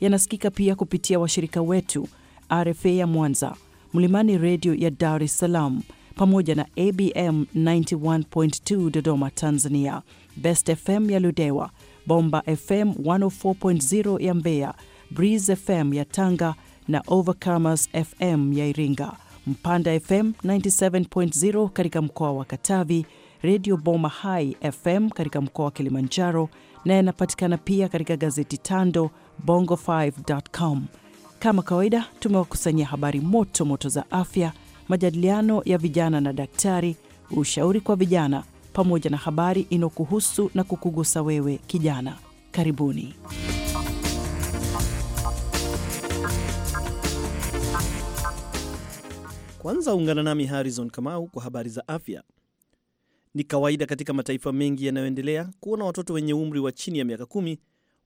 yanasikika pia kupitia washirika wetu RFA ya Mwanza, Mlimani Redio ya Dar es Salaam pamoja na ABM 91.2 Dodoma Tanzania, Best FM ya Ludewa, Bomba FM 104.0 ya Mbeya, Breeze FM ya Tanga na Overcomers FM ya Iringa, Mpanda FM 97.0 katika mkoa wa Katavi, Redio Boma High FM katika mkoa wa Kilimanjaro na yanapatikana pia katika gazeti Tando bongo5.com. Kama kawaida, tumewakusanyia habari moto moto za afya, majadiliano ya vijana na daktari, ushauri kwa vijana, pamoja na habari inayokuhusu na kukugusa wewe kijana. Karibuni. Kwanza ungana nami Harrison Kamau kwa habari za afya. Ni kawaida katika mataifa mengi yanayoendelea kuona watoto wenye umri wa chini ya miaka kumi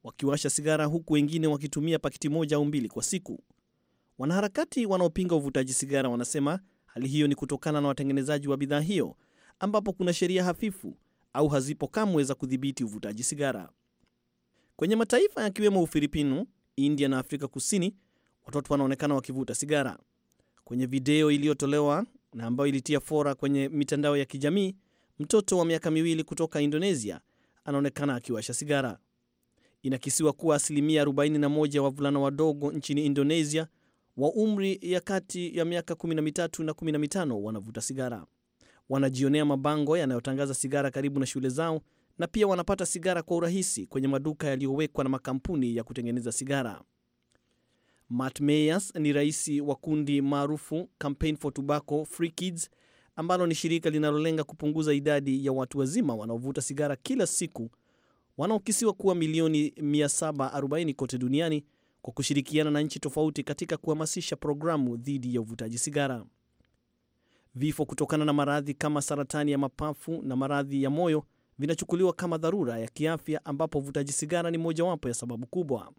wakiwasha sigara huku wengine wakitumia pakiti moja au mbili kwa siku. Wanaharakati wanaopinga uvutaji sigara wanasema hali hiyo ni kutokana na watengenezaji wa bidhaa hiyo, ambapo kuna sheria hafifu au hazipo kamwe za kudhibiti uvutaji sigara. Kwenye mataifa yakiwemo Ufilipino, India na Afrika Kusini, watoto wanaonekana wakivuta sigara. Kwenye video iliyotolewa na ambayo ilitia fora kwenye mitandao ya kijamii, mtoto wa miaka miwili kutoka Indonesia anaonekana akiwasha sigara. Inakisiwa kuwa asilimia 41 wavulana wadogo nchini Indonesia wa umri ya kati ya miaka 13 na 15 wanavuta sigara. Wanajionea mabango yanayotangaza sigara karibu na shule zao na pia wanapata sigara kwa urahisi kwenye maduka yaliyowekwa na makampuni ya kutengeneza sigara. Matt Meyers ni rais wa kundi maarufu Campaign for Tobacco Free Kids ambalo ni shirika linalolenga kupunguza idadi ya watu wazima wanaovuta sigara kila siku wanaokisiwa kuwa milioni 740 kote duniani kwa kushirikiana na nchi tofauti katika kuhamasisha programu dhidi ya uvutaji sigara. Vifo kutokana na maradhi kama saratani ya mapafu na maradhi ya moyo vinachukuliwa kama dharura ya kiafya, ambapo uvutaji sigara ni mojawapo ya sababu kubwa.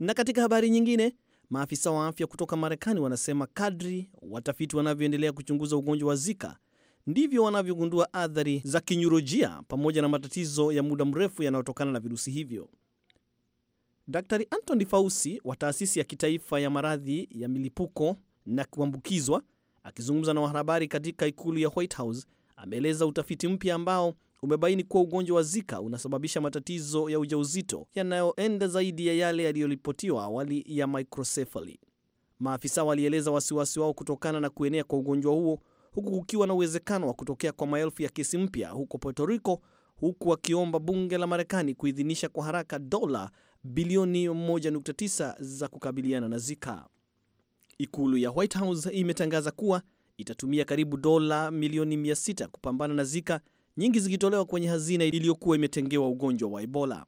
Na katika habari nyingine, maafisa wa afya kutoka Marekani wanasema kadri watafiti wanavyoendelea kuchunguza ugonjwa wa Zika ndivyo wanavyogundua athari za kinyurojia pamoja na matatizo ya muda mrefu yanayotokana na virusi hivyo. dr antony fausi wa taasisi ya kitaifa ya maradhi ya milipuko na kuambukizwa, akizungumza na wanahabari katika ikulu ya White House, ameeleza utafiti mpya ambao umebaini kuwa ugonjwa wa Zika unasababisha matatizo ya ujauzito yanayoenda zaidi ya yale yaliyoripotiwa awali ya microcephaly. Maafisa walieleza wasiwasi wao kutokana na kuenea kwa ugonjwa huo huku kukiwa na uwezekano wa kutokea kwa maelfu ya kesi mpya huko Puerto Rico, huku wakiomba bunge la Marekani kuidhinisha kwa haraka dola bilioni 1.9 za kukabiliana na Zika. Ikulu ya White House imetangaza kuwa itatumia karibu dola milioni 600 kupambana na Zika, nyingi zikitolewa kwenye hazina iliyokuwa imetengewa ugonjwa wa Ebola.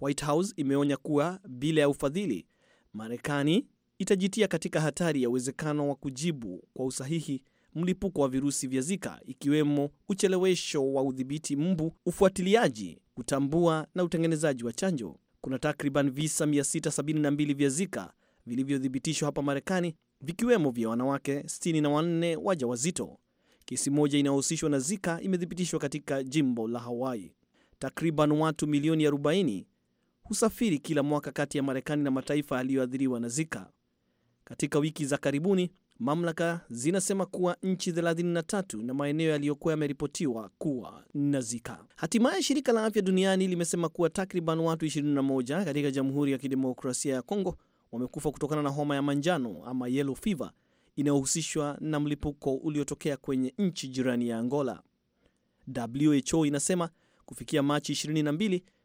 White House imeonya kuwa bila ya ufadhili, Marekani itajitia katika hatari ya uwezekano wa kujibu kwa usahihi mlipuko wa virusi vya Zika, ikiwemo uchelewesho wa udhibiti mbu, ufuatiliaji, kutambua na utengenezaji wa chanjo. Kuna takriban visa 672 vya Zika vilivyothibitishwa hapa Marekani, vikiwemo vya wanawake 64 waja wazito. Kesi moja inayohusishwa na Zika imethibitishwa katika jimbo la Hawaii. Takriban watu milioni 40 husafiri kila mwaka kati ya Marekani na mataifa yaliyoathiriwa na Zika. Katika wiki za karibuni, Mamlaka zinasema kuwa nchi 33 na maeneo yaliyokuwa yameripotiwa kuwa na Zika. Hatimaye shirika la afya duniani limesema kuwa takriban watu 21 katika Jamhuri ya Kidemokrasia ya Kongo wamekufa kutokana na homa ya manjano ama yellow fever inayohusishwa na mlipuko uliotokea kwenye nchi jirani ya Angola. WHO inasema kufikia Machi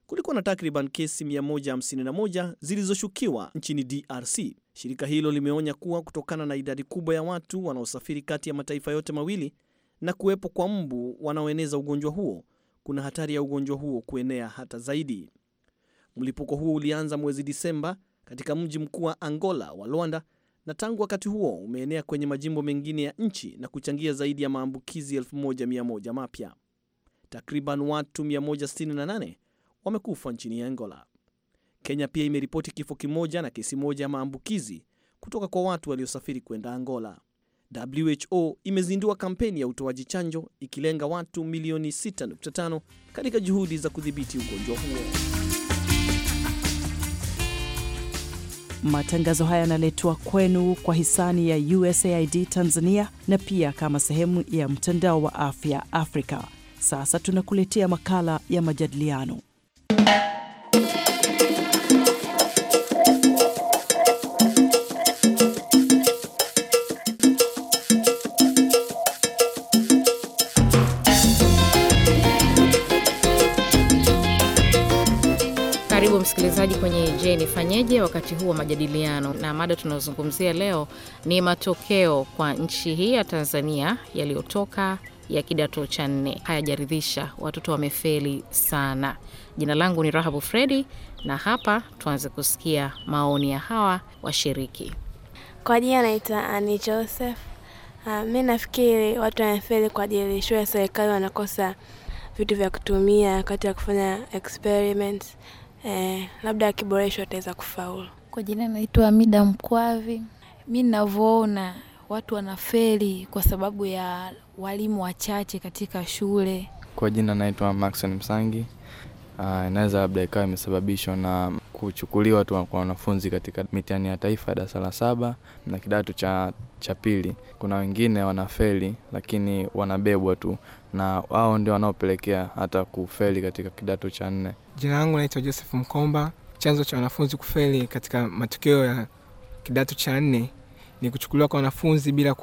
kulikuwa na takriban kesi 151 zilizoshukiwa nchini DRC. Shirika hilo limeonya kuwa kutokana na idadi kubwa ya watu wanaosafiri kati ya mataifa yote mawili na kuwepo kwa mbu wanaoeneza ugonjwa huo, kuna hatari ya ugonjwa huo kuenea hata zaidi. Mlipuko huo ulianza mwezi Disemba katika mji mkuu wa Angola wa Luanda na tangu wakati huo umeenea kwenye majimbo mengine ya nchi na kuchangia zaidi ya maambukizi 1100 mapya. Takriban watu 168 wamekufa nchini Angola. Kenya pia imeripoti kifo kimoja na kesi moja ya maambukizi kutoka kwa watu waliosafiri kwenda Angola. WHO imezindua kampeni ya utoaji chanjo ikilenga watu milioni 6.5 katika juhudi za kudhibiti ugonjwa huo. Matangazo haya yanaletwa kwenu kwa hisani ya USAID Tanzania na pia kama sehemu ya mtandao wa afya Afrika. Sasa tunakuletea makala ya majadiliano. Karibu msikilizaji kwenye Je, nifanyeje, wakati huu wa majadiliano, na mada tunayozungumzia leo ni matokeo kwa nchi hii ya Tanzania yaliyotoka ya kidato cha nne. Hayajaridhisha, watoto wamefeli sana. Jina langu ni Rahabu Fredi, na hapa tuanze kusikia maoni ya hawa washiriki. Kwa jina naitwa Ani Joseph. Uh, mi nafikiri watu wamefeli kwa ajili shule ya serikali wanakosa vitu vya kutumia wakati ya kufanya experiments. Eh, labda akiboreshwa ataweza kufaulu. Kwa jina naitwa Mida Mkwavi. Mi navyoona watu wanafeli kwa sababu ya walimu wachache katika shule. Kwa jina naitwa Maxon Msangi. Ah, inaweza labda ikawa imesababishwa na kuchukuliwa tu kwa wanafunzi katika mitihani ya taifa darasa la saba na kidato cha, cha pili. Kuna wengine wanafeli lakini wanabebwa tu na wao ndio wanaopelekea hata kufeli katika kidato cha nne. Jina langu naitwa Joseph Mkomba. Chanzo cha wanafunzi kufeli katika matokeo ya kidato cha nne ni kuchukuliwa kwa wanafunzi bila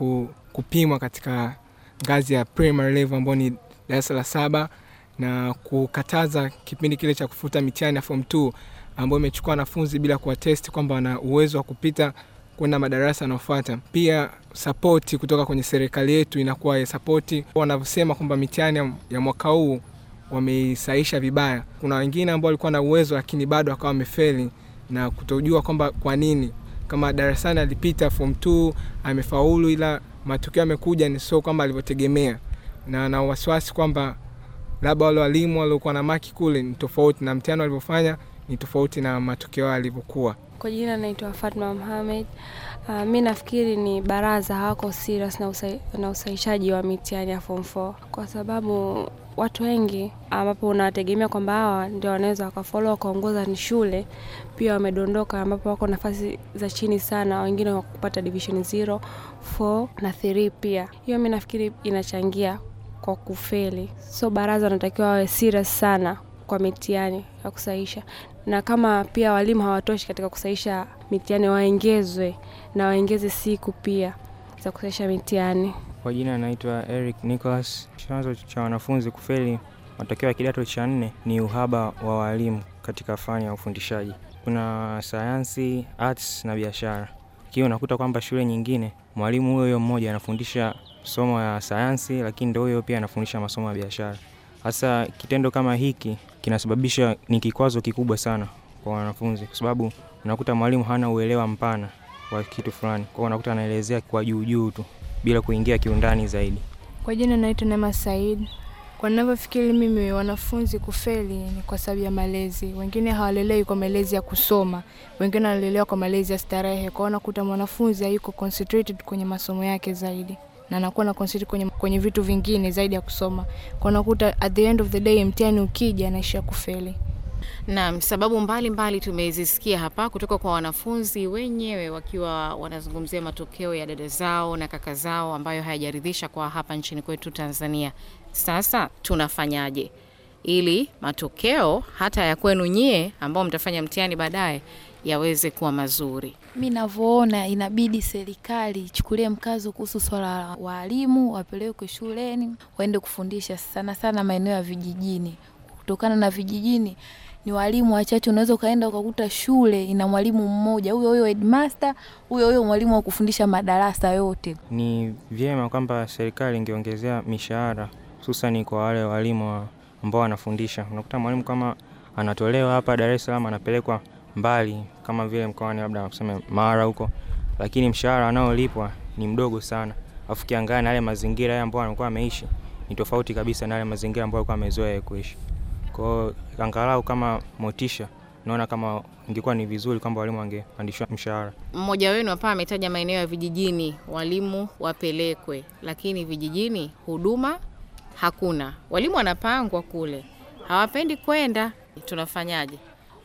kupimwa katika ngazi ya primary level ambao ni darasa la saba na kukataza kipindi kile cha kufuta mitihani ya form 2 ambayo imechukua wanafunzi bila kuwatesti kwamba wana uwezo wa kupita kwenda madarasa yanayofuata. Pia sapoti kutoka kwenye serikali yetu inakuwa ya sapoti, wanavyosema kwamba mitihani ya mwaka huu wameisaisha vibaya. Kuna wengine ambao walikuwa na uwezo lakini bado wakawa wamefeli na kutojua kwamba kwa nini kama darasani alipita form 2 amefaulu, ila matokeo amekuja ni sio kwamba alivyotegemea, na na wasiwasi kwamba labda wale walimu waliokuwa na maki kule ni tofauti na mtihani walivyofanya ni tofauti na matokeo alivyokuwa Kwa jina naitwa Fatma Mohamed. Uh, mi nafikiri ni baraza hawako serious na usahihishaji wa mitihani ya form 4 kwa sababu watu wengi ambapo unawategemea kwamba hawa ndio wanaweza wakafolo wakaongoza ni shule pia wamedondoka, ambapo wako nafasi za chini sana, wengine wakupata division 0, 4 na 3. Pia hiyo mi nafikiri inachangia kwa kufeli. So baraza wanatakiwa wawe serious sana kwa mitihani ya kusahisha, na kama pia walimu hawatoshi katika kusahisha mitihani waengezwe na waengeze siku pia za kusahisha mitihani. Kwa jina naitwa Eric Nicholas. Chanzo cha wanafunzi kufeli matokeo ya kidato cha nne ni uhaba wa walimu katika fani ya ufundishaji. Kuna sayansi, arts na biashara. Kio unakuta kwamba shule nyingine mwalimu huyo huyo mmoja anafundisha somo ya sayansi, lakini ndio huyo pia anafundisha masomo ya biashara. Hasa kitendo kama hiki kinasababisha ni kikwazo kikubwa sana kwa wanafunzi, kwa sababu unakuta mwalimu hana uelewa mpana wa kitu fulani, kwa hiyo unakuta anaelezea kwa juu juu tu bila kuingia kiundani zaidi. Kwa jina naitwa Neema Said. Kwa ninavyofikiri mimi, wanafunzi kufeli ni kwa sababu ya malezi. Wengine hawalelewi kwa malezi ya kusoma, wengine wanalelewa kwa malezi ya starehe. hiyo nakuta mwanafunzi hayuko concentrated kwenye masomo yake zaidi na anakuwa na concentrate kwenye, kwenye vitu vingine zaidi ya kusoma. Kwa nakuta at the end of the day mtihani ukija anaishia kufeli. Naam, sababu mbalimbali tumezisikia hapa kutoka kwa wanafunzi wenyewe wakiwa wanazungumzia matokeo ya dada zao na kaka zao ambayo hayajaridhisha kwa hapa nchini kwetu Tanzania. Sasa tunafanyaje ili matokeo hata ya kwenu nyie ambao mtafanya mtihani baadaye yaweze kuwa mazuri. Mi navyoona inabidi serikali ichukulie mkazo kuhusu swala la waalimu, wapelekwe shuleni waende kufundisha sana sana maeneo ya vijijini, kutokana na vijijini ni walimu wachache. Unaweza ukaenda ukakuta shule ina mwalimu mmoja, huyo huyo headmaster, huyo huyo mwalimu wa kufundisha madarasa yote. Ni vyema kwamba serikali ingeongezea mishahara, hususani kwa wale walimu ambao wanafundisha. Unakuta mwalimu kama anatolewa hapa Dar es Salaam anapelekwa mbali kama vile mkoani, labda tuseme Mara huko, lakini mshahara anaolipwa ni mdogo sana, afu kiangana na yale mazingira yale ambayo anakuwa ameishi ni tofauti kabisa na yale mazingira ambayo alikuwa amezoea kuishi. Kwa angalau kama motisha, naona kama ingekuwa ni vizuri kwamba walimu wangepandishwa mshahara. Mmoja wenu hapa ametaja maeneo ya vijijini, walimu wapelekwe, lakini vijijini huduma hakuna, walimu wanapangwa kule, hawapendi kwenda. Tunafanyaje?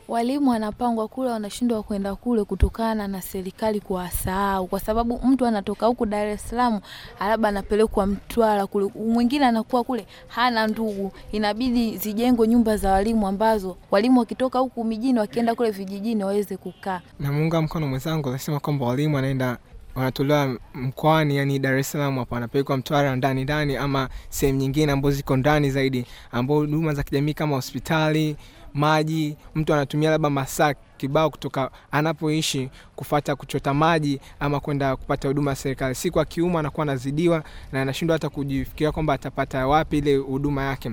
walimu wanapangwa kule, wanashindwa kwenda kule kutokana na serikali kuwasahau, kwa sababu mtu anatoka huku Dar es Salaam labda anapelekwa Mtwara kule, mwingine anakuwa kule hana ndugu, inabidi zijengwe nyumba za walimu ambazo walimu wakitoka huku mijini wakienda kule vijijini waweze kukaa. Namuunga mkono mwenzangu anasema kwamba walimu anaenda wanatolewa mkoani, yani Dar es Salaam hapo, anapelekwa Mtwara ndani ndani, ama sehemu nyingine ambazo ziko ndani zaidi, ambao huduma za kijamii kama hospitali maji, mtu anatumia labda masaa kibao kutoka anapoishi kufata kuchota maji ama kwenda kupata huduma ya serikali. Siku akiumwa anakuwa anazidiwa na anashindwa hata kujifikiria kwamba atapata wapi ile huduma yake.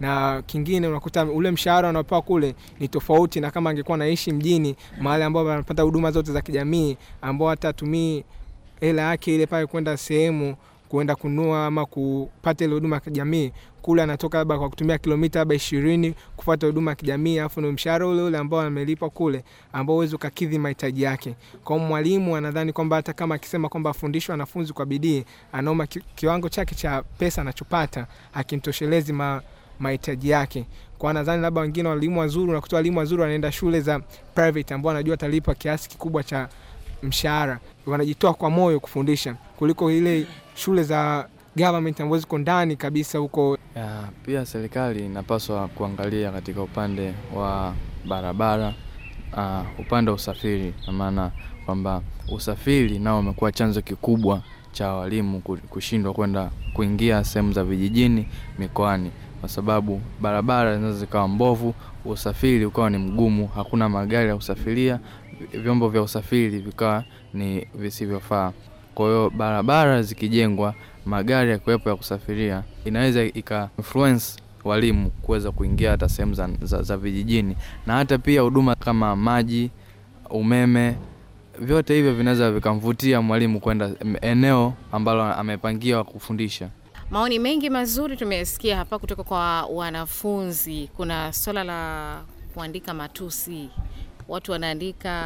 Na kingine unakuta ule mshahara anaopewa kule ni tofauti na kama angekuwa anaishi mjini, mahali ambapo anapata huduma zote za kijamii, ambao hata atumii hela yake ile pale kwenda sehemu kuenda kunua ama kupata ile huduma ya kijamii kule anatoka labda kwa kutumia kilomita labda ishirini kupata huduma ya kijamii alafu ni mshahara ule ule ambao amelipwa kule ambao huwezi ukakidhi mahitaji yake. Kwa hiyo mwalimu anadhani kwamba hata kama akisema kwamba afundishwe wanafunzi kwa bidii, anaoma kiwango chake cha pesa anachopata hakimtoshelezi ma mahitaji yake. Kwa nadhani labda wengine walimu wazuri na walimu wazuri wanaenda shule za private ambao wanajua atalipa kiasi kikubwa cha mshahara, wanajitoa kwa moyo kufundisha kuliko ile shule za government ambazo ziko ndani kabisa huko. Pia serikali inapaswa kuangalia katika upande wa barabara, uh, upande wa usafiri, na maana kwamba usafiri nao umekuwa chanzo kikubwa cha walimu kushindwa kwenda kuingia sehemu za vijijini mikoani, kwa sababu barabara zinaweza zikawa mbovu, usafiri ukawa ni mgumu, hakuna magari ya kusafiria, vyombo vya usafiri vikawa ni visivyofaa. Kwa hiyo barabara zikijengwa, magari yakiwepo ya kusafiria, inaweza ika influence walimu kuweza kuingia hata sehemu za, za, za vijijini na hata pia huduma kama maji, umeme, vyote hivyo vinaweza vikamvutia mwalimu kwenda eneo ambalo amepangiwa kufundisha. Maoni mengi mazuri tumesikia hapa kutoka kwa wanafunzi. Kuna swala la kuandika matusi, watu wanaandika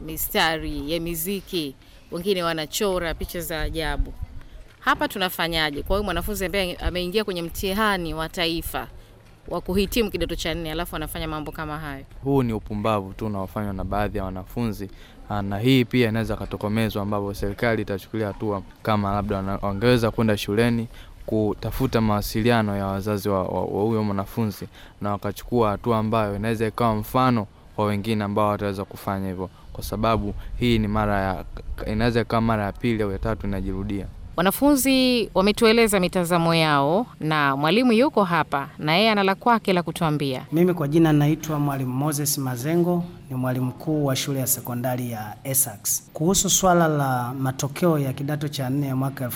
mistari ya miziki wengine wanachora picha za ajabu. Hapa tunafanyaje? Kwa hiyo mwanafunzi ambaye ameingia kwenye mtihani wa taifa wa kuhitimu kidato cha nne alafu anafanya mambo kama hayo, huu ni upumbavu tu unaofanywa na baadhi ya wanafunzi, ah, na hii pia inaweza katokomezwa, ambapo serikali itachukulia hatua, kama labda wangeweza kwenda shuleni kutafuta mawasiliano ya wazazi wa huyo mwanafunzi na wakachukua hatua ambayo inaweza ikawa mfano kwa wengine ambao wataweza kufanya hivyo kwa sababu hii ni mara ya inaweza ikawa mara ya pili au ya tatu inajirudia. Wanafunzi wametueleza mitazamo yao na mwalimu yuko hapa na yeye ana la kwake la kutuambia. Mimi kwa jina naitwa Mwalimu Moses Mazengo, ni mwalimu mkuu wa shule ya sekondari ya Essex. Kuhusu swala la matokeo ya kidato cha nne ya mwaka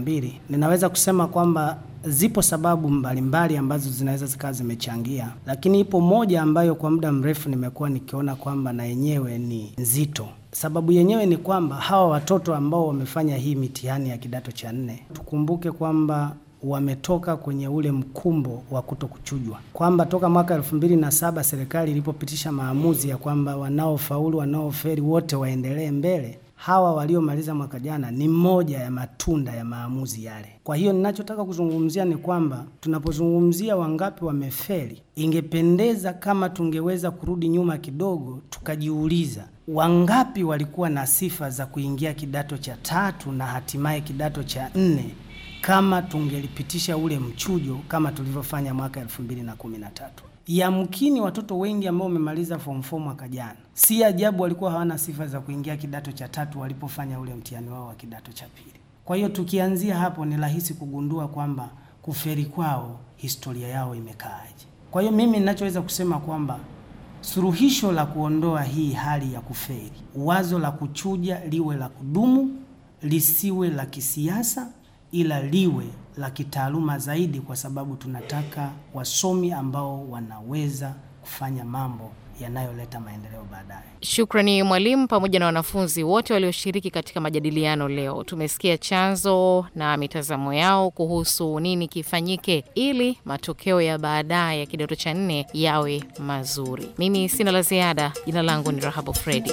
mbili, ninaweza kusema kwamba zipo sababu mbalimbali mbali ambazo zinaweza zikawa zimechangia, lakini ipo moja ambayo kwa muda mrefu nimekuwa nikiona kwamba na yenyewe ni nzito Sababu yenyewe ni kwamba hawa watoto ambao wamefanya hii mitihani ya kidato cha nne, tukumbuke kwamba wametoka kwenye ule mkumbo wa kuto kuchujwa, kwamba toka mwaka elfu mbili na saba serikali ilipopitisha maamuzi ya kwamba wanaofaulu, wanaoferi wote waendelee mbele hawa waliomaliza mwaka jana ni moja ya matunda ya maamuzi yale. Kwa hiyo ninachotaka kuzungumzia ni kwamba tunapozungumzia wangapi wamefeli, ingependeza kama tungeweza kurudi nyuma kidogo, tukajiuliza wangapi walikuwa na sifa za kuingia kidato cha tatu na hatimaye kidato cha nne kama tungelipitisha ule mchujo kama tulivyofanya mwaka tatu yamkini watoto wengi ambao wamemaliza form 4 mwaka jana, si ajabu walikuwa hawana sifa za kuingia kidato cha tatu walipofanya ule mtihani wao wa kidato cha pili. Kwa hiyo tukianzia hapo, ni rahisi kugundua kwamba kuferi kwao historia yao imekaaje. Kwa hiyo mimi ninachoweza kusema kwamba suluhisho la kuondoa hii hali ya kuferi, wazo la kuchuja liwe la kudumu, lisiwe la kisiasa, ila liwe la kitaaluma zaidi, kwa sababu tunataka wasomi ambao wanaweza kufanya mambo yanayoleta maendeleo baadaye. Shukrani mwalimu, pamoja na wanafunzi wote walioshiriki katika majadiliano leo. Tumesikia chanzo na mitazamo yao kuhusu nini kifanyike ili matokeo ya baadaye ya kidato cha nne yawe mazuri. Mimi sina la ziada. Jina langu ni Rahabu Fredi.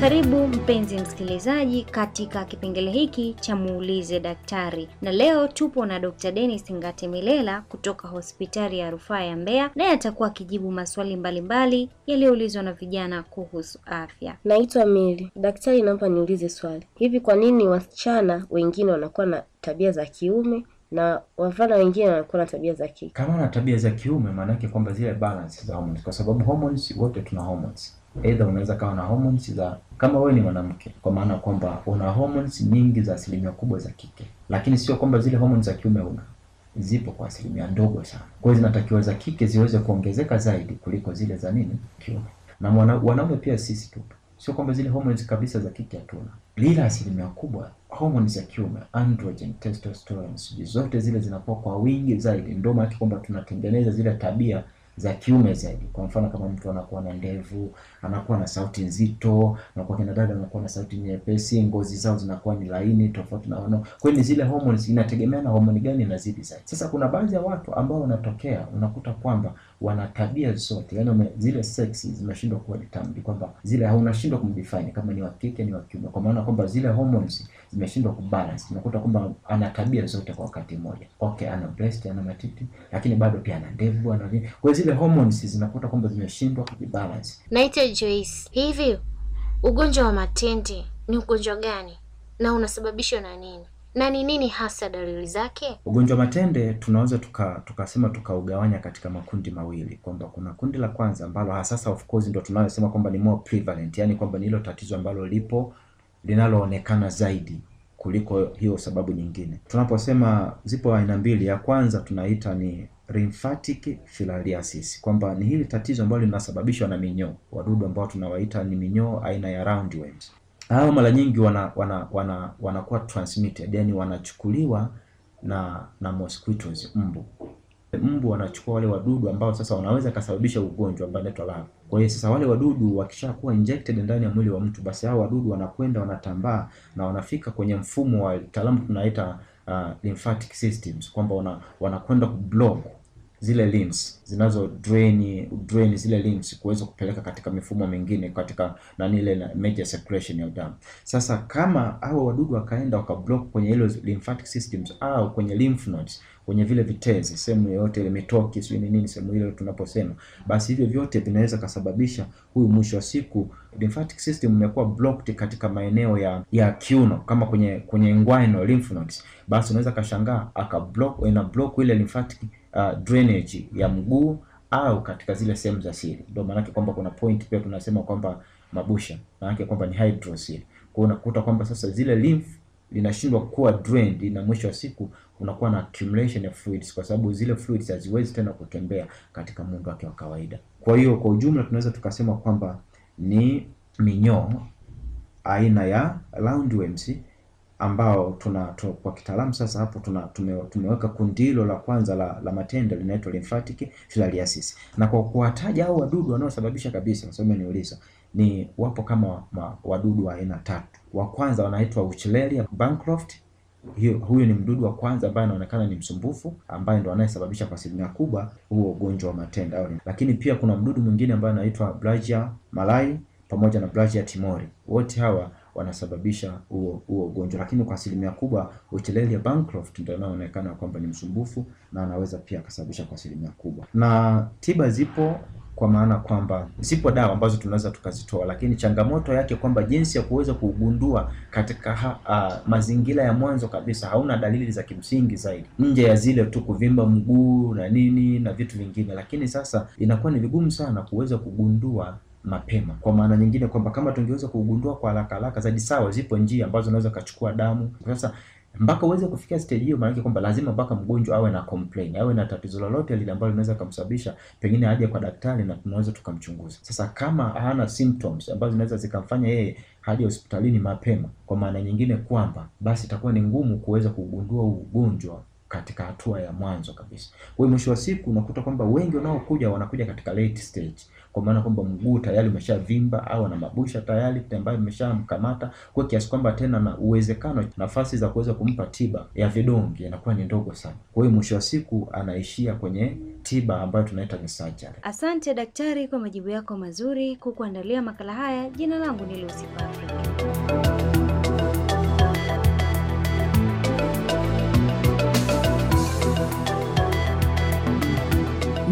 Karibu mpenzi msikilizaji katika kipengele hiki cha muulize daktari, na leo tupo na Dr. Dennis Milela kutoka hospitali ya rufaa ya Mbeya, naye atakuwa akijibu maswali mbalimbali yaliyoulizwa na vijana kuhusu afya. Naitwa Mili. Daktari, naomba niulize swali, hivi kwa nini wasichana wengine wanakuwa na tabia za kiume na wavulana wengine wanakuwa na tabia za kike? Kama na tabia za kiume, maanake kwamba zile balance za hormones, kwa sababu hormones, wote tuna hormones Aidha, unaweza kawa na hormones za kama wewe ni mwanamke, kwa maana kwamba una hormones nyingi za asilimia kubwa za kike, lakini sio kwamba zile hormones za kiume una zipo kwa asilimia ndogo sana. Kwa hiyo zinatakiwa za kike ziweze kuongezeka zaidi kuliko zile za nini kiume. Na wanaume pia sisi tupo, sio kwamba zile hormones kabisa za kike hatuna, lila asilimia kubwa hormones za kiume, androgen, testosterone, zote zile zinakuwa kwa wingi zaidi, ndio maana kwamba tunatengeneza zile tabia za kiume zaidi. Kwa mfano kama mtu anakuwa na ndevu, anakuwa na sauti nzito, na kwa kina dada anakuwa na sauti nyepesi, ngozi zao zinakuwa ni laini tofauti na wanao. Kwa hiyo zile hormones, inategemea na homoni gani inazidi zaidi. Sasa kuna baadhi ya watu ambao wanatokea unakuta kwamba wana tabia zote, yani zile sex zimeshindwa kuwa determined, kwamba zile unashindwa kumdefine kama ni wa kike ni wa kiume, kwa maana kwamba zile hormones zimeshindwa kubalance. Unakuta kwamba ana tabia zote kwa wakati mmoja, okay, ana breast, ana matiti, lakini bado pia ana ndevu, ana kwa hiyo zile hormones zinakuta kwamba zimeshindwa kujibalance. Naitwa Joyce, hivi ugonjwa wa matende ni ugonjwa gani na unasababishwa na nini na ni nini hasa dalili zake? Ugonjwa wa matende tunaweza tukasema tuka tukaugawanya katika makundi mawili, kwamba kuna kundi la kwanza ambalo hasasa of course ndo tunayosema kwamba ni more prevalent, yani kwamba ni hilo tatizo ambalo lipo linaloonekana zaidi kuliko hiyo sababu nyingine. Tunaposema zipo aina mbili, ya kwanza tunaita ni lymphatic filariasis, kwamba ni hili tatizo ambalo linasababishwa na minyoo, wadudu ambao tunawaita ni minyoo aina ya roundworms. Hao mara nyingi wana wana wana wanakuwa transmitted, yani wanachukuliwa na na mosquitoes, mbu. Mbu wanachukua wale wadudu ambao sasa wanaweza kasababisha ugonjwa ambao inaitwa larva. Kwa hiyo sasa wale wadudu wakishakuwa injected ndani ya mwili wa mtu, basi hao wadudu wanakwenda wanatambaa na wanafika kwenye mfumo wa kitaalamu tunaita uh, lymphatic systems kwamba wana, wanakwenda kublock zile lymph zinazo drain drain zile lymph kuweza kupeleka katika mifumo mingine katika nani ile major secretion ya damu. Sasa kama hao wadudu wakaenda wakablock kwenye hilo lymphatic systems au kwenye lymph nodes kwenye vile vitezi, sehemu yoyote ile, mitoki sio ni nini, sehemu ile tunaposema, basi hivyo vyote vinaweza kasababisha huyu, mwisho wa siku lymphatic system imekuwa blocked katika maeneo ya ya kiuno, kama kwenye kwenye inguinal lymph nodes, basi unaweza kashangaa aka block, ina block ile lymphatic uh, drainage ya mguu au katika zile sehemu za siri. Ndio maana yake kwamba kuna point pia tunasema kwamba mabusha, maana yake kwamba ni hydrocele. Kwa unakuta kwamba sasa zile lymph linashindwa kuwa drained, na mwisho wa siku unakuwa na accumulation ya fluids, kwa sababu zile fluids haziwezi tena kutembea katika muundo wake wa kawaida. Kwa hiyo kwa ujumla tunaweza tukasema kwamba ni minyoo aina ya roundworms ambao tuna, tuna kwa kitaalamu sasa hapo tuna tume, tumeweka kundi hilo la kwanza la, la matendo linaitwa lymphatic filariasis, na kwa kuwataja hao wadudu wanaosababisha kabisa, msome niuliza ni wapo kama wadudu wa aina tatu. Wa kwanza wanaitwa Uchereria bancroft. Hiyo, huyu ni mdudu wa kwanza ambaye anaonekana ni msumbufu ambaye ndo anayesababisha kwa asilimia kubwa huo ugonjwa wa matenda. Lakini pia kuna mdudu mwingine ambaye anaitwa Blagia malai pamoja na Blagia timori. Wote hawa wanasababisha huo huo ugonjwa, lakini kwa asilimia kubwa Uchereria bancroft ndo anaonekana kwamba ni msumbufu na anaweza pia akasababisha kwa asilimia kubwa, na tiba zipo kwa maana kwamba zipo dawa ambazo tunaweza tukazitoa, lakini changamoto yake kwamba jinsi ya kuweza kuugundua katika ha, ah, a, mazingira ya mwanzo kabisa, hauna dalili za kimsingi zaidi nje ya zile tu kuvimba mguu na nini na vitu vingine, lakini sasa inakuwa ni vigumu sana kuweza kugundua mapema. Kwa maana nyingine kwamba kama tungeweza kugundua kwa haraka haraka zaidi, sawa, zipo njia ambazo unaweza ukachukua damu sasa mpaka mm-hmm. uweze kufikia stage hiyo, maana kwamba lazima mpaka mgonjwa awe na complain, awe na tatizo lolote lile ambalo linaweza kumsababisha pengine aje kwa daktari na tunaweza tukamchunguza. Sasa kama hana symptoms ambazo zinaweza zikamfanya yeye hadi hospitalini mapema, kwa maana nyingine kwamba basi itakuwa ni ngumu kuweza kugundua ugonjwa katika hatua ya mwanzo kabisa. Kwa hiyo mwisho wa siku unakuta kwamba wengi wanaokuja wanakuja katika late stage kwa maana kwamba mguu tayari umeshavimba au ana mabusha tayari ambayo imeshamkamata kwa kiasi kwamba tena na uwezekano nafasi za kuweza kumpa tiba ya vidonge inakuwa ni ndogo sana. Kwa hiyo mwisho wa siku anaishia kwenye tiba ambayo tunaita ni surgery. Asante daktari kwa majibu yako mazuri. Kukuandalia makala haya, jina langu ni Lucy Patrick.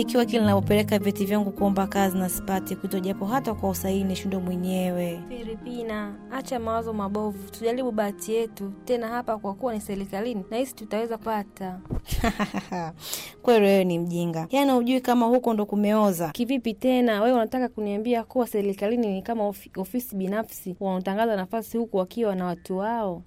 ikiwa kila ninapopeleka vyeti vyangu kuomba kazi na sipati kuitwa japo hata kwa usahihi shindo mwenyewe? Filipina, acha mawazo mabovu, tujaribu bahati yetu tena hapa, kwa kuwa ni serikalini na hisi tutaweza pata. Kweli wewe ni mjinga, yaani hujui kama huko ndo kumeoza. Kivipi tena? Wewe unataka kuniambia kuwa serikalini ni kama ofisi binafsi wanaotangaza nafasi huku wakiwa na watu wao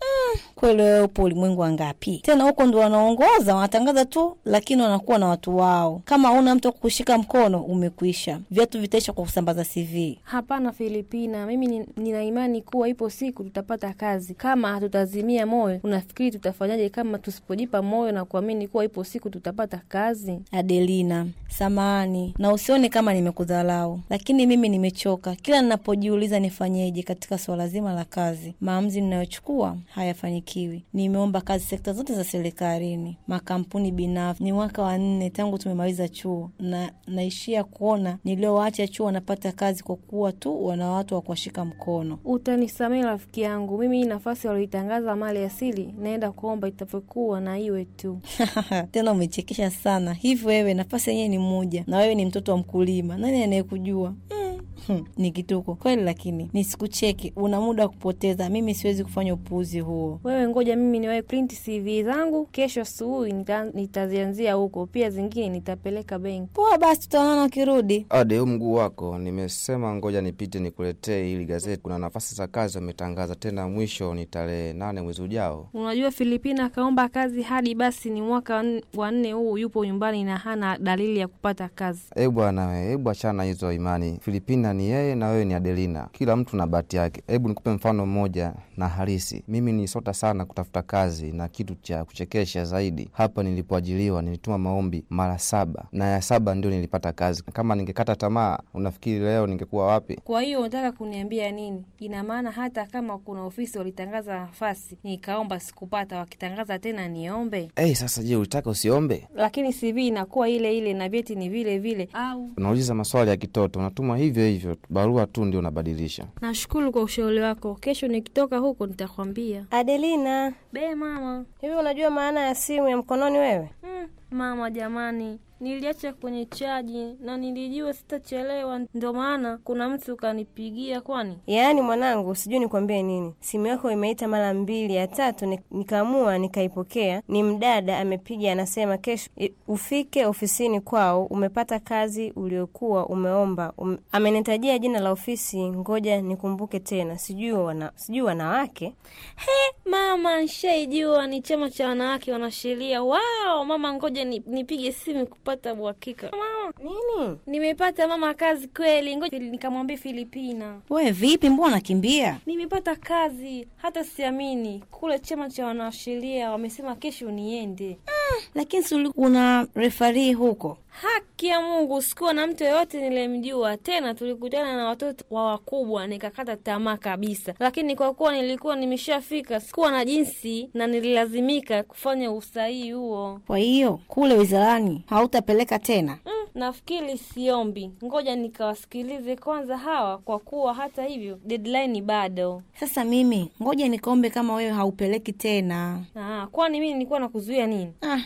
kweli wewe upo ulimwengu wangapi? Tena huko ndo wanaongoza, wanatangaza tu, lakini wanakuwa na watu wao. Kama una mtu kukushika mkono, umekuisha. Viatu vitaisha kwa kusambaza CV. Hapana Filipina, mimi nina imani kuwa ipo siku tutapata kazi kama hatutazimia moyo. Unafikiri tutafanyaje kama tusipojipa moyo na kuamini kuwa ipo siku tutapata kazi? Adelina, samani na usione kama nimekudhalau, lakini mimi nimechoka. Kila ninapojiuliza nifanyeje katika swala zima la kazi, maamuzi ninayochukua haya hafanikiwi. Nimeomba kazi sekta zote za serikalini, makampuni binafsi. Ni mwaka wa nne tangu tumemaliza chuo na naishia kuona niliowaacha chuo wanapata kazi kwa kuwa tu wana watu wa kuwashika mkono. Utanisamehe rafiki yangu, mimi hii nafasi walioitangaza mali asili naenda kuomba itavyokuwa na iwe tu. Tena umechekesha sana. Hivi wewe nafasi yenyewe ni moja na wewe ni mtoto wa mkulima, nani anayekujua? mm hmm, ni kituko kweli, lakini nisikucheki, una muda wa kupoteza. Mimi siwezi kufanya upuuzi huo. Wewe ngoja mimi niwahi print CV zangu kesho asubuhi, nitazianzia huko, pia zingine nitapeleka benki. Poa basi, tutaonana ukirudi. Ade, huu mguu wako nimesema, ngoja nipite nikuletee hili gazeti. Kuna nafasi za kazi wametangaza tena, mwisho ni tarehe nane mwezi ujao. Unajua Filipina akaomba kazi hadi basi ni mwaka wa nne huu, yupo nyumbani na hana dalili ya kupata kazi. E bwana we, eh, hebu achana hizo imani Filipina Adelina ni yeye na wewe ni Adelina, kila mtu na bahati yake. Hebu nikupe mfano mmoja na halisi. Mimi ni sota sana kutafuta kazi, na kitu cha kuchekesha zaidi, hapa nilipoajiliwa nilituma maombi mara saba na ya saba ndio nilipata kazi. Kama ningekata tamaa, unafikiri leo ningekuwa wapi? Kwa hiyo unataka kuniambia nini? Ina maana hata kama kuna ofisi walitangaza nafasi nikaomba, sikupata, wakitangaza tena niombe? Hey, sasa je, ulitaka usiombe? Lakini CV inakuwa ile ile na vyeti ni vile vile, au unauliza maswali ya kitoto, unatuma hivyo hivyo hivyo, barua tu ndio unabadilisha. Nashukuru kwa ushauri wako, kesho nikitoka huko nitakwambia. Adelina be mama, hivi unajua maana ya simu ya mkononi wewe? Mm, mama jamani niliacha kwenye chaji na nilijua sitachelewa, ndio maana kuna mtu kanipigia. Kwani yaani, mwanangu, sijui nikwambie nini, simu yako imeita mara mbili ya tatu, nikaamua nikaipokea. Ni mdada amepiga, anasema kesho ufike ofisini kwao, umepata kazi uliokuwa umeomba um... amenitajia jina la ofisi, ngoja nikumbuke tena, sijui wana... sijui wanawake. He mama, nshaijua ni chama cha wanawake wanasheria. Wao mama, ngoja nipige simu kupa kupata uhakika. Mama nini? Nimepata mama kazi kweli, ngoja nikamwambia Filipina. We vipi, mbona nakimbia? Nimepata kazi, hata siamini. Kule chama cha wanasheria wamesema kesho niende. Mm, lakini si una refari huko Haki ya Mungu, sikuwa na mtu yoyote nilimjua tena. Tulikutana na watoto wa wakubwa, nikakata tamaa kabisa, lakini kwa kuwa nilikuwa nimeshafika, sikuwa na jinsi na nililazimika kufanya usahihi huo. Kwa hiyo kule wizarani hautapeleka tena? Mm, nafikiri siombi, ngoja nikawasikilize kwanza hawa, kwa kuwa hata hivyo deadline bado. Sasa mimi ngoja nikaombe kama wewe haupeleki tena. Ah, kwani mimi nilikuwa nakuzuia nini? ah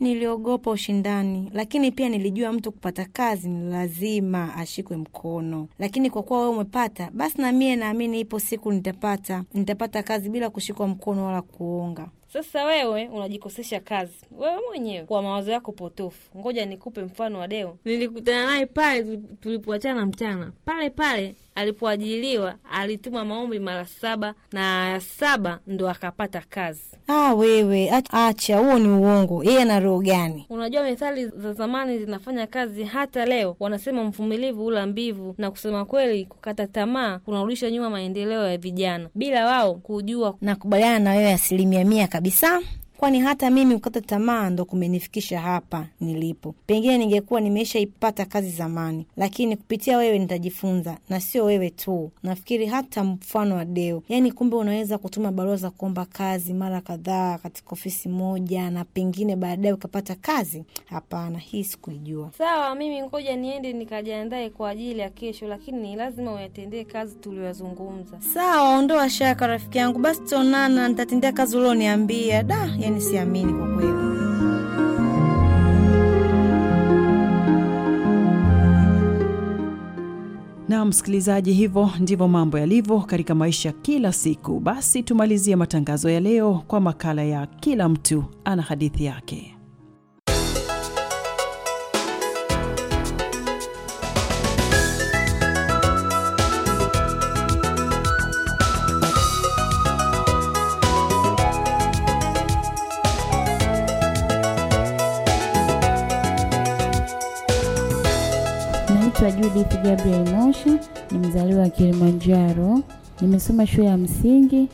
niliogopa ushindani, lakini pia nilijua mtu kupata kazi ni lazima ashikwe mkono. Lakini kwa kuwa wewe umepata, basi na mie naamini ipo siku nitapata, nitapata kazi bila kushikwa mkono wala kuonga. Sasa wewe unajikosesha kazi wewe mwenyewe kwa mawazo yako potofu. Ngoja nikupe mfano wa Deo. Nilikutana naye pale tulipoachana mchana pale pale alipoajiliwa alituma maombi mara saba na ya saba ndo akapata kazi. Ah, wewe acha huo, ni uongo. Yeye ana roho gani? Unajua, methali za zamani zinafanya kazi hata leo. Wanasema mvumilivu hula mbivu, na kusema kweli, kukata tamaa kunarudisha nyuma maendeleo ya vijana bila wao kujua. Nakubaliana na wewe asilimia mia kabisa. Lisa。kwani hata mimi kukata tamaa ndo kumenifikisha hapa nilipo. Pengine ningekuwa nimeshaipata kazi zamani, lakini kupitia wewe nitajifunza, na sio wewe tu. Nafikiri hata mfano wa Deo, yaani kumbe unaweza kutuma barua za kuomba kazi mara kadhaa katika ofisi moja na pengine baadaye ukapata kazi. Hapana, hii sikuijua. Sawa, mimi ngoja niende nikajiandae kwa ajili ya kesho, lakini ni lazima uyatendee kazi tuliyozungumza. Sawa, ondoa shaka rafiki yangu. Basi tonana, nitatendea kazi ulioniambia. Da, yani siamini kwa kweli. Na msikilizaji, hivyo ndivyo mambo yalivyo katika maisha kila siku. Basi tumalizie matangazo ya leo kwa makala ya kila mtu ana hadithi yake. naitwa Gabriel Mosha, ni mzaliwa wa Kilimanjaro. Nimesoma shule ya msingi,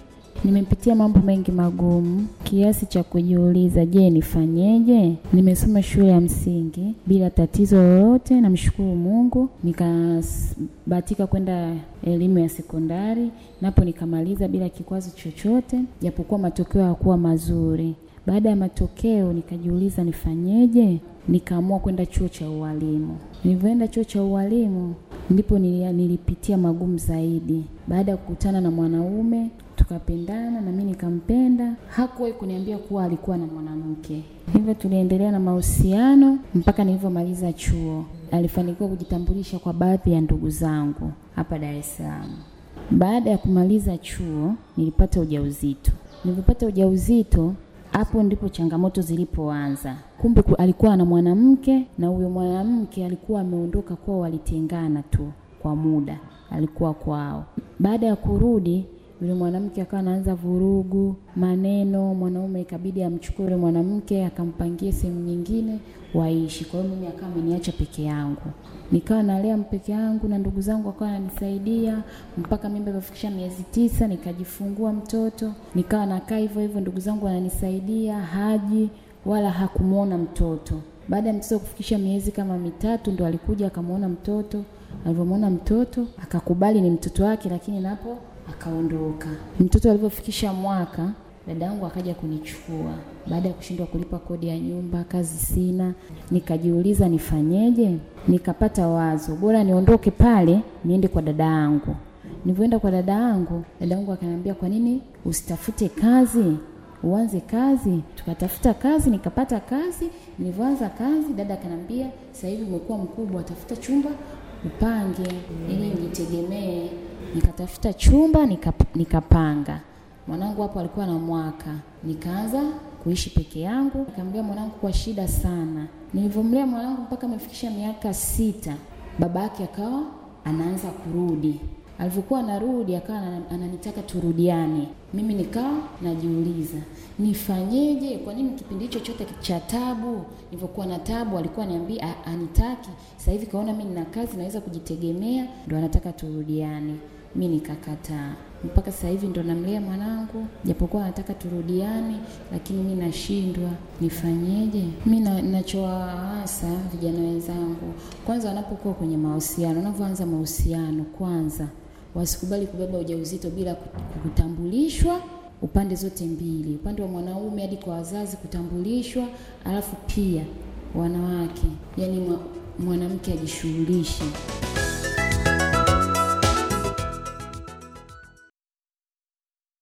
nimepitia mambo mengi magumu kiasi cha kujiuliza, je, nifanyeje? Nimesoma shule ya msingi bila tatizo lolote, namshukuru Mungu. Nikabahatika kwenda elimu ya sekondari, napo nikamaliza bila kikwazo chochote, japokuwa matokeo hayakuwa mazuri. Baada ya matokeo nikajiuliza nifanyeje, nikaamua kwenda chuo cha ualimu. Nilivyoenda chuo cha ualimu ndipo nilipitia magumu zaidi. Baada ya kukutana na mwanaume tukapendana, na mimi nikampenda. Hakuwahi kuniambia kuwa alikuwa na mwanamke, hivyo tuliendelea na mahusiano mpaka nilivyomaliza chuo. Alifanikiwa kujitambulisha kwa baadhi ya ndugu zangu hapa Dar es Salaam. Baada ya kumaliza chuo nilipata ujauzito. Nilipopata ujauzito hapo ndipo changamoto zilipoanza. Kumbe alikuwa na mwanamke na huyo mwanamke alikuwa ameondoka kwao, walitengana tu kwa muda, alikuwa kwao. Baada ya kurudi yule mwanamke akawa anaanza vurugu, maneno, mwanaume ikabidi amchukue yule mwanamke akampangie sehemu nyingine waishi. Kwa hiyo mimi akawa ameniacha peke yangu, nikawa nalea peke yangu na ndugu zangu akawa ananisaidia mpaka mimba ikafikisha miezi tisa, nikajifungua mtoto, nikawa nakaa hivyo hivyo, ndugu zangu wananisaidia, haji wala hakumwona mtoto. Baada ya mtoto kufikisha miezi kama mitatu, ndo alikuja akamwona mtoto. Alivyomwona mtoto akakubali ni mtoto wake, lakini napo akaondoka. Mtoto alivyofikisha mwaka, dada yangu akaja kunichukua baada ya kushindwa kulipa kodi ya nyumba, kazi sina, nikajiuliza nifanyeje. Nikapata wazo bora niondoke pale niende kwa dada yangu. Nilivyoenda kwa dada yangu, dada yangu akaniambia, kwa nini usitafute kazi uanze kazi. Tukatafuta kazi, nikapata kazi. Nilivyoanza kazi, dada akaniambia, sasa hivi umekuwa mkubwa, tafuta chumba upange ili nijitegemee. Nikatafuta chumba nikap, nikapanga. Mwanangu hapo alikuwa na mwaka, nikaanza kuishi peke yangu. Nikamlea mwanangu kwa shida sana. Nilivyomlea mwanangu mpaka amefikisha miaka sita, baba yake akawa anaanza kurudi. Alivyokuwa anarudi akawa ananitaka turudiane. Mimi nikawa najiuliza nifanyeje? Kwa nini kipindi hicho chote cha tabu, nilivyokuwa na tabu alikuwa ananiambia anitaki. Sasa hivi kaona mimi nina kazi naweza kujitegemea, ndo anataka turudiane mi nikakataa. Mpaka sasa hivi ndo namlea mwanangu, japokuwa anataka turudiane, lakini mi nashindwa, nifanyeje? Mi nachowaasa vijana wenzangu, kwanza wanapokuwa kwenye mahusiano, wanavyoanza mahusiano, kwanza wasikubali kubeba ujauzito bila kutambulishwa upande zote mbili, upande wa mwanaume hadi kwa wazazi kutambulishwa, alafu pia wanawake, yani mwanamke ajishughulishe.